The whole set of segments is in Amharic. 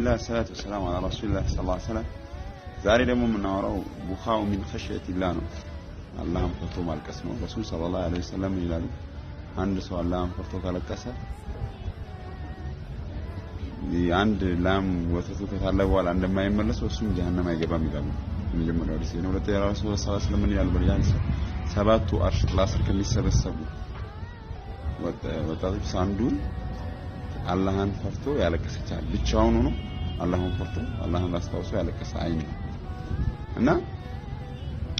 አልሐምዱሊላህ ሰላቱ ወሰላም አላ ረሱሊላህ ሰለላሁ ዐለይሂ ወሰለም። ዛሬ ደግሞ የምናወራው ቡካኡ ሚን ኸሽየቲላህ ነው። አላህን ፈርቶ ማልቀስ ነው። ረሱል ሰለላሁ ዐለይሂ ወሰለም ይላሉ አንድ ሰው አላህን ፈርቶ ካለቀሰ አንድ ላም ወተቱ ከታለበ በኋላ እንደማይመለስ እሱም ጀሀነም አይገባም ይላሉ። የመጀመሪያው ጊዜ ነው። ሁለተኛ ረሱል ሰለላሁ ዐለይሂ ወሰለም ይላሉ በሐዲስ ሰባቱ አርሽ ጥላ ስር ከሚሰበሰቡ ወጣቶች አንዱ አላህን ፈርቶ ያለቀሰቻል ብቻውን ሆኖ አላህን ፈርቶ አላህን አስታውሶ ያለቀሰ አይን ነው እና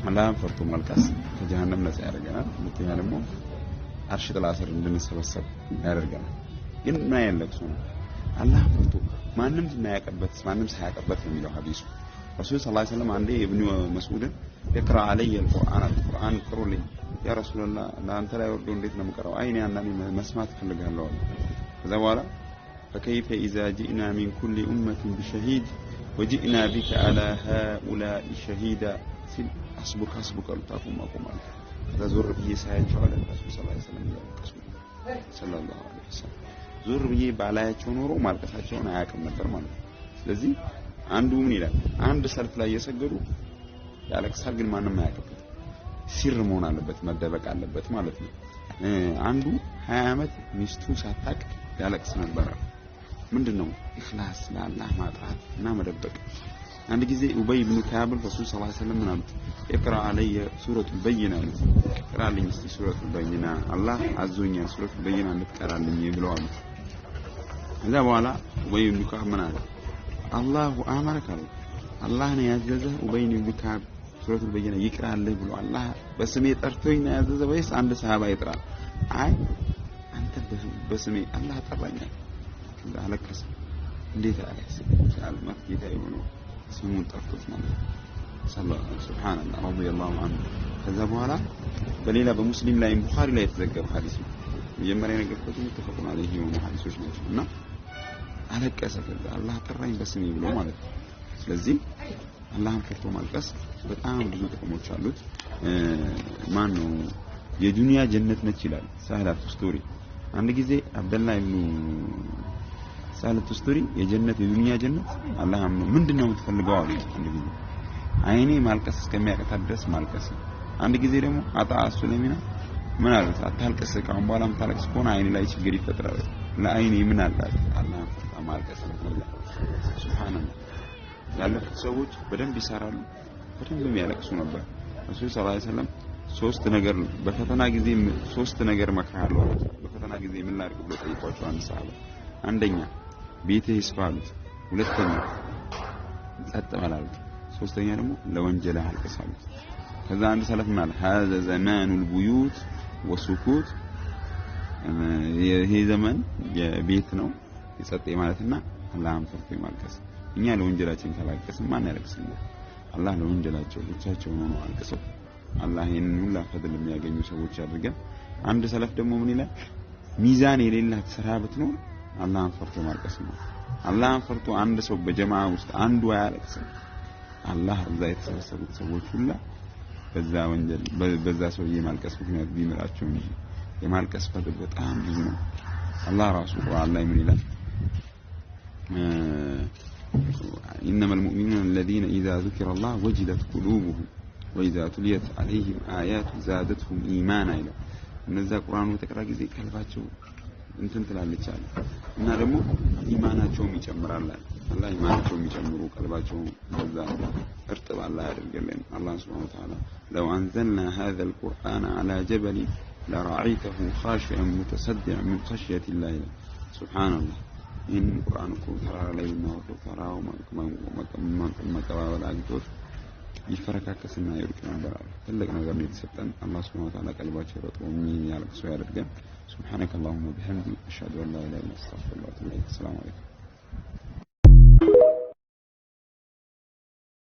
አላህን ፈርቶ ማልቀስ ከጀሃነም ነፃ ያደርገናል። ሁለተኛ ደግሞ አርሽ ጥላ ስር እንድንሰበሰብ ያደርገናል። ግን ምን አይነት ለቅሶ ነው? አላህን ፈርቶ ማንም የማያውቅበት ማንም ሳያውቅበት ነው የሚለው ሐዲሱ። ረሱል ሰለላሁ ዐለይሂ ወሰለም አንዴ ኢብኑ መስዑድን ይቅራ አለየ አልቁርአን አልቁርአን ቅሩልኝ ያ ረሱላህ ለአንተ ላይ ወርዶ እንዴት ነው የምቀረው? አይ እኔ መስማት እፈልጋለሁ ከዛ በኋላ فكيف إذا جئنا من كل أمة بشهيد وجئنا بك على هؤلاء شهيدا ሲል አስቡክ አስቡክ አሉት አፉን ማቆም አለ ከዛ ዞር ብዬ ሳያቸው አለ ረሱ ስ ሰለም እያለቀሱ ሰለላሁ ዐለይሂ ወሰለም ዞር ብዬ ባላያቸው ኖሮ ማልቀሳቸውን አያውቅም ነበር ማለት ነው ስለዚህ አንዱ ምን ይላል አንድ ሰልፍ ላይ እየሰገዱ ያለቅሳል ግን ማንም አያውቅበት ሲር መሆን አለበት መደበቅ አለበት ማለት ነው አንዱ ሀያ ዓመት ሚስቱ ሳታቅ ያለቅስ ነበረ ምንድን ነው ኢኽላስ ለአላህ ማጥራት እና መደበቅ አንድ ጊዜ ኡበይ ብኑ ካዕብ ረሱል ስ ሰለም ምን አሉት እቅራ አለየ ሱረቱ በይና አሉት ቅራልኝ እስቲ ሱረቱ በይና አላህ አዞኛል ሱረቱ በይና እንድትቀራልኝ ብለው አሉት ከዛ በኋላ ኡበይ ብኑ ካዕብ ምን አለ አላሁ አመረክ አሉ አላህ ነው ያዘዘ ኡበይ ብኑ ካዕብ ሱረቱ በይና ይቅራልህ ብሎ አላህ በስሜ ጠርቶኝ ነው ያዘዘ ወይስ አንድ ሰሃባ ይጥራል አይ አንተ በስሜ አላህ ጠራኛል አለቀሰ። እንዴት አያስብ የዓለማት ጌታ የሆነው ስሙን ጠርቶት ማለት ስብሓንላ ረዲየላሁ አንሁ። ከዛ በኋላ በሌላ በሙስሊም ላይም ቡኻሪ ላይ የተዘገበ ሐዲስ ነው። መጀመሪያ የነገርኩት ሙተፈቁን አለይህ የሆኑ ሀዲሶች ናቸው እና አለቀሰ። ከዛ አላህ ጠራኝ በስሜ ብሎ ማለት ነው። ስለዚህ አላህን ፈርቶ ማልቀስ በጣም ብዙ ጥቅሞች አሉት። ማን ነው የዱንያ ጀነት ነች ይላል ሳህላት ስቶሪ። አንድ ጊዜ አብደላ ኢብኑ ሳለት ስቶሪ የጀነት የዱንያ ጀነት አላህ ምንድነው የምትፈልገው አሉት። እንግዲህ አይኔ ማልቀስ እስከሚያቀታት ድረስ ማልቀስ አንድ ጊዜ ደግሞ አጣ ሱለሚና ምን አሉት? አታልቀስ፣ ከአሁን በኋላ የምታለቅስ ከሆነ አይኔ ላይ ችግር ይፈጥራል። ለአይኔ ምን አላት? አላህ ማልቀስ ነው። ሱብሃንአላህ ያለፉት ሰዎች በደንብ ይሰራሉ፣ በደንብ ያለቅሱ ነበር። ረሱል ሰለላሁ ዐለይሂ ወሰለም ሶስት ነገር በፈተና ጊዜ ሶስት ነገር መክራለሁ። በፈተና ጊዜ ምን ላድርግ ብሎ ጠይቋቸው አንሳለ አንደኛ ቤተ ይስፋ ሁለተኛ ጸጥ በል ሶስተኛ ደግሞ ለወንጀል አልቅስ ከዛ አንድ ሰለፍ ማለት ሀዘ ዘማኑ ልቡዩት ወሱኩት ይሄ ዘመን የቤት ነው የጸጥ ማለትና አላህን ፈርቶ ማልቀስ። እኛ ለወንጀላችን ካላቀስን ማን ያለቅስልናል? አላህ ለወንጀላቸው ብቻቸውን ሆነው አልቅሰው አላህ ይህንን ሁላ ፈድል የሚያገኙ ሰዎች አድርገን። አንድ ሰለፍ ደግሞ ምን ይላል? ሚዛን የሌላት ስራ ብትኖር አላህን ፈርቶ ማልቀስ ነው። አላህን ፈርቶ አንድ ሰው በጀማ ውስጥ አንዱ አያለቅስም። አላህ እዛ የተሰበሰቡት ሰዎች ሁላ በዛ ወንጀል በዛ ሰውዬ ማልቀስ ምክንያት ቢምራቸው እንጂ የማልቀስ ፈርድ በጣም ብዙ ነው። አላህ ራሱ ቁርአን ላይ ምን ይላል? إنما المؤمنون الذين إذا ذكر الله وجلت قلوبهم وإذا تليت عليهم آيات زادتهم إيمانا إلى እነዛ ቁርአኑ በተቀራ ጊዜ ቀልባቸው እንትን ትላለች አለ እና ደግሞ ኢማናቸውም ይጨምራል አለ አላህ ኢማናቸውም ይጨምሩ ቀልባቸው ከዛ እርጥብ አላህ ያደርግልን አላህ ስብሃነ ወተዓላ لو انزلنا هذا القران على جبل لرأيته خاشعا متصدعا من خشية الله سبحان الله إن قرآنكم ترى لي النور ترى ومكتوب ይፈረካከስ እና ይሩጭ ነበር አሉ። ትልቅ ነገር ነው የተሰጠን። አላህ ስብሐነሁ ወተዓላ ቀልባቸው ረጥቦ ሚን ያለቅሱ ያደርገን። ሱብሓነከ አላሁመ ቢሐምዲ አሽሀዱ አን ላ ኢላሀ ኢለንተ አስተግፊሩከ ወአቱቡ ኢለይክ። ሰላም አለይኩም